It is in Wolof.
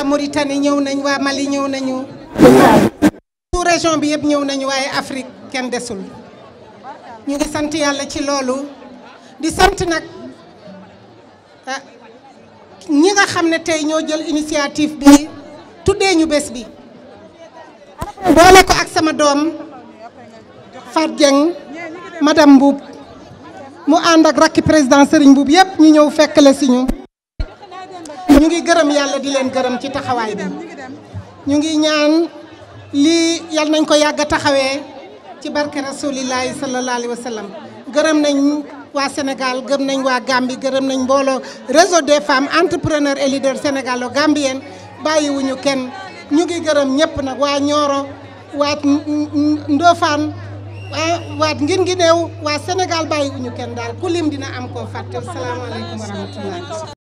waa Mauritanie ñëw nañ waa Mali ñëw nañu sous région bi yëpp ñëw nañu waaye Afrique kenn desul ñu sant yàlla ci loolu di sant nag ah, ñi nga xam ne tey ñoo jël initiative bi tuddee ñu bés bi boole ko ak sama doom Fat Dieng madame Mbuub mu ànd ak rakki président Serigne Mbuub yëpp ñu ñëw fekk la si ñu ñu ngi gërëm yàlla di leen gërëm ci taxawaay bi ñu ngi ñaan lii yal nañ ko yàgg a taxawee ci barke rasulillahi sallallahu alayhi wa sallam gërëm nañ waa Sénégal gëm nañ waa Gambie gërëm nañ mbooloo réseau des femmes entrepreneurs et leaders sénégalo gambiennes bàyyiwuñu kenn ñu ngi gërëm ñépp nag waa Nioro waa Ndofane waa waa ngin ngi néew waa Sénégal bàyyiwuñu kenn daal ku lim dina am koo fàtte salaamaaleykum wa rahmatullah